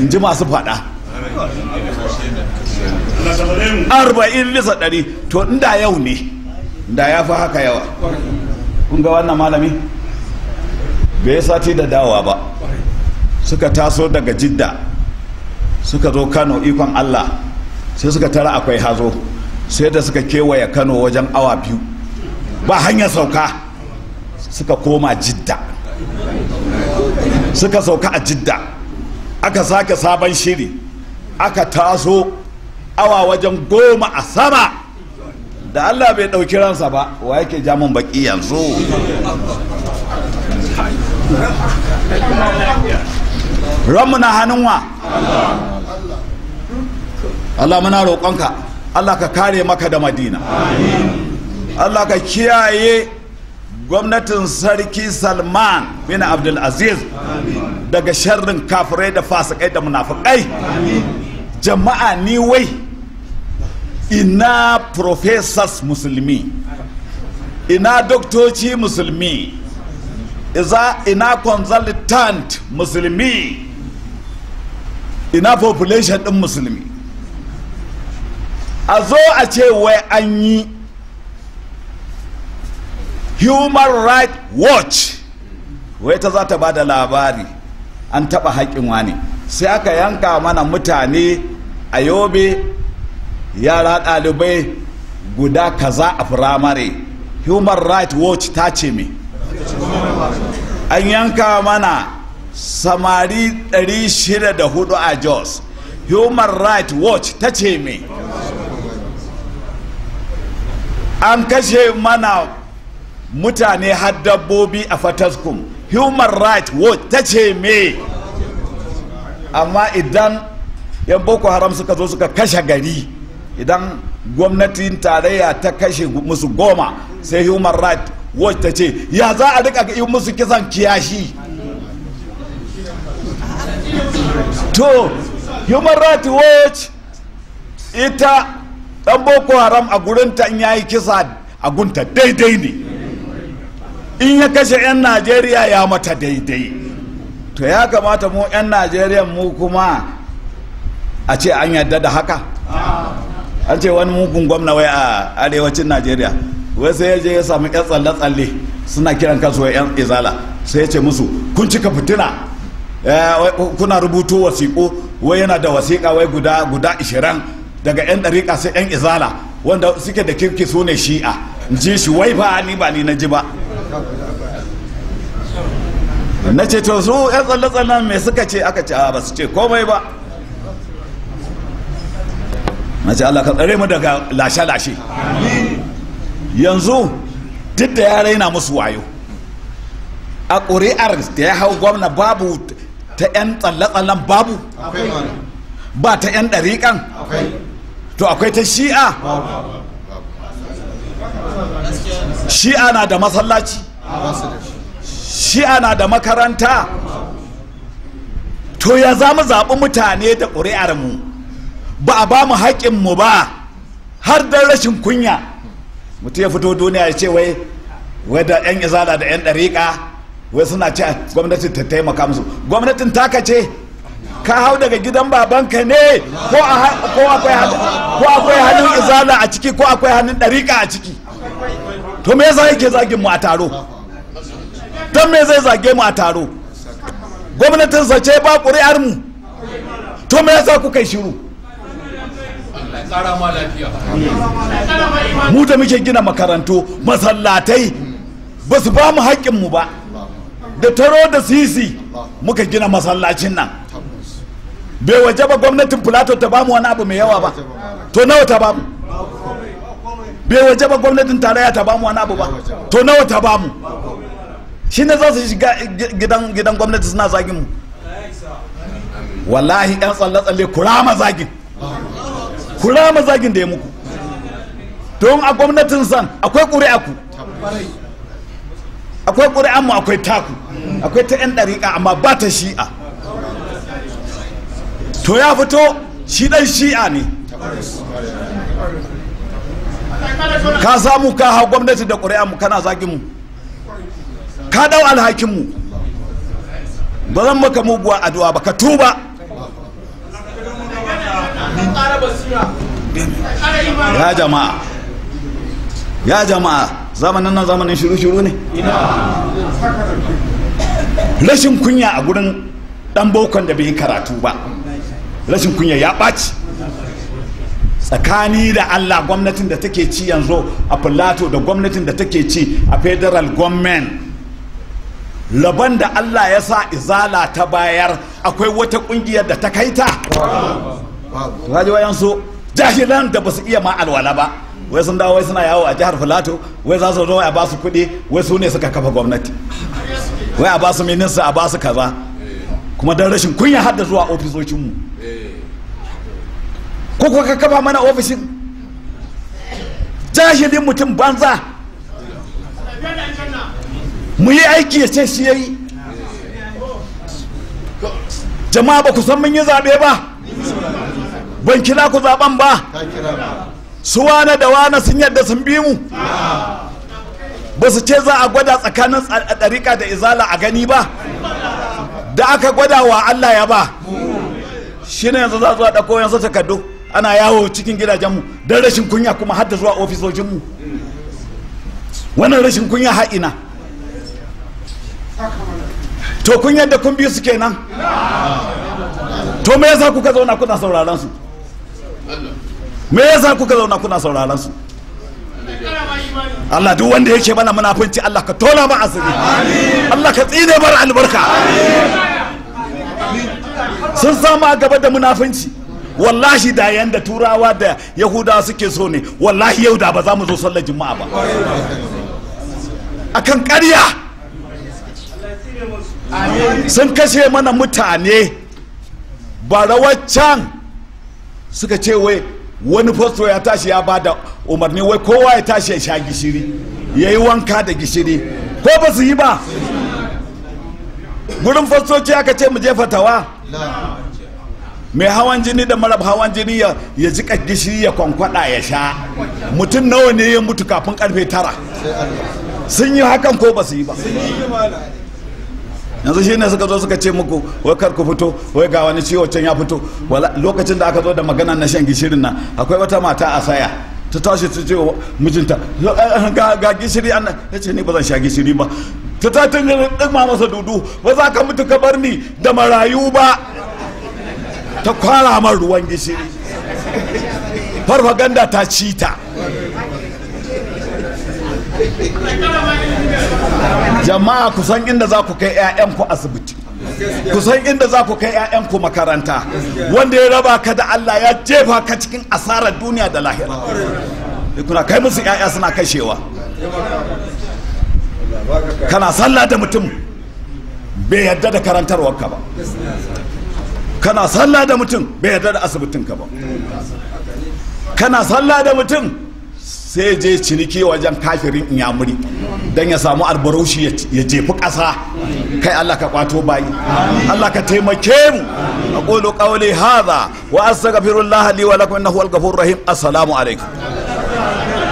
in ji masu fada arba'in bisa ɗari to inda yau ne da ya fi haka yawa ga wannan malami bai sati da dawa ba suka taso daga jidda suka zo kano ikon allah sai suka tara akwai hazo sai da suka kewaye kano wajen awa biyu ba hanyar sauka suka koma jidda suka sauka a jidda aka sake sabon shiri aka taso awa wajen goma a sama da allah bai ɗauki ransa ba wa yake jamun baki yanzu ranmu na hannunwa allah muna roƙonka allah ka kare maka da madina allah ka kiyaye gwamnatin sarki salman bin abdulaziz daga sharrin kafirai da fasikai da munafukai jama'a ni wai ina professors musulmi ina doktoci musulmi ina consultant musulmi ina population din musulmi a zo a ce wai an yi human rights watch wai ta za ta ba da labari an taɓa haƙin wani sai aka yanka mana mutane a yobe yara ɗalibai guda kaza a firamare human rights watch ta ce me an yanka mana samari 604 a jos human rights watch ta ce me an kashe mana mutane har dabbobi a fataskum human right watch ta ce me amma idan yan boko haram suka zo suka kashe gari idan gwamnatin tarayya ta kashe musu goma sai human right watch ta ce ya za a rika yi musu kisan kiyashi to human right watch ita dan boko haram a gurinta in yayi kisa a gunta daidai ne in ya kashe 'yan najeriya ya mata daidai to ya kamata mu 'yan najeriya mu kuma a ce an yadda da haka an ce wani mugun gwamna wai a arewacin najeriya wai sai ya je ya samu 'yan tsalle-tsalle suna kiran kansu wa 'yan izala sai ya ce musu kun cika fitina eh, kuna rubutu wasiƙo wai yana da wasiƙa wai guda guda ishirin daga 'yan ɗariƙa sai 'yan izala wanda suke da kirki su ne shi'a ji shi wai ba ni ba ni na ji ba na ce to su yan tsalle mai suka ce aka ce ba su ce komai ba na ce Allah ka tsare mu daga lashe-lashe yanzu duk da ya raina musu wayo a ƙuri'ar da ya hau gwamna babu ta 'yan tsalle babu ba ta 'yan ɗariƙan to akwai ta shi'a shi'a na da masallaci shi'a na da makaranta to ya za mu zaɓi mutane da ƙuri'ar mu ba a ba mu haƙƙinmu ba har da rashin kunya mutum ya fito duniya ya ce wai da 'yan izala da 'yan ɗariƙa wai suna ce gwamnatin ta taimaka musu gwamnatin taka ce ka hau daga gidan babanka ne ko akwai hannun izala a ciki ko akwai hannun ɗariƙa a ciki to me yasa yake zagin mu a taro don me zai zage mu a taro gwamnatin sace ba ƙuri'ar mu to me yasa kuka yi shiru mu da muke gina makarantu masallatai ba su ba mu mu ba da taro da sisi muka gina masallacin nan bai waje ba gwamnatin plato ta ba mu wani abu mai yawa ba to nawa ta ba mu bai waje ba gwamnatin tarayya ta bamu wani abu ba to nawa ta bamu shi ne za su shiga gidan gwamnati suna zagin mu wallahi yan tsalle-tsalle kurama zagin kurama zagin da ya muku don a gwamnatin san akwai ƙuri'a ku akwai ƙuri'a mu akwai taku akwai ta 'yan ɗariƙa amma ba ta shi'a to ya fito shi ɗan shi'a ne ka samu ka hau gwamnati da ƙuri'a mu kana zagin mu ka dau alhakin mu ba zan maka muguwa addu'a ba ka tuba ya jama'a ya jama'a zamanin nan zamanin shiru-shiru ne rashin kunya a gurin dan bokon da bai karatu ba rashin kunya ya ɓaci tsakani da allah gwamnatin da take ci yanzu a filato da gwamnatin da take ci a federal government laban da allah ya sa izala ta bayar akwai wata kungiyar da ta kai ta wayansu jahilan da ba su iya ma alwala ba wai sun dawo wai suna yawo a jihar filato wai za su zo a ba su kudi. wai su ne suka kafa gwamnati wai a ba su minista a ba su kaza kuma don rashin kunya har da zuwa mu ko kuka ka kafa mana ofishin jahilin mutum banza mu yi aiki ya ce shi ya yi jama'a ba ku san mun yi zaɓe ba ban kira ku zaɓen ba su wane da wane sun yadda sun bi mu ba su ce za a gwada tsakanin ɗariƙa da izala a gani ba da aka gwada wa allah ya ba shi ne yanzu za a zuwa ɗauko yanzu takardu ana yawo cikin gidajenmu don rashin kunya kuma hada zuwa ofisojinmu wannan rashin kunya ha'ina to kun yadda kun biyu suke nan to me yasa kuka zauna kuna sauraron su me yasa kuka zauna kuna sauraron su Allah duk wanda yake mana munafunci Allah ka tona ba asiri Allah ka tsine bar albarka sun sama a gaba da munafunci wallahi da yanda turawa da yahudawa suke so ne wallahi yau da ba za mu zo sallar juma'a ba akan karya sun kashe mana mutane barawaccan suka ce wai wani fasto ya tashi ya bada umarni wai kowa ya tashi ya sha gishiri ya yi wanka da gishiri ko ba su yi ba gurin fastoci aka ce mu je fatawa mai hawan jini da marab hawan jini ya ya jika gishiri ya kwankwada ya sha mutum nawa ne ya mutu kafin karfe tara sun yi hakan ko ba su yi ba yanzu shi ne suka zo suka ce muku wai kar ku fito wai ga wani ciwo can ya fito lokacin da aka zo da magana na shan gishirin nan akwai wata mata a saya ta tashi ta ce wa mijinta eh, eh, ga gishiri an ta ce ni ba zan sha gishiri ba ta ta tun ɗin masa dudu ba za ka mutu ka bar ni da marayu ba ta kwara man ruwan gishiri farfaganda ta ci ta jama'a kusan inda za ku kai 'ya'yanku asibiti kusan inda za ku kai 'ya'yanku makaranta wanda ya raba ka da allah ya jefa ka cikin asarar duniya da lahira kuna kai musu 'ya'ya suna kashewa kana sallah da mutum bai yarda da ka ba kana sallah da mutum bai yarda da asibitin ka ba kana sallah da mutum sai je ciniki wajen kafirin inyamuri don ya samu albarushi ya jefi ƙasa kai Allah ka kwato bayi Allah ka taimake mu aqulu qawli hadha wa astaghfirullaha li wa lakum innahu al-ghafurur rahim assalamu alaikum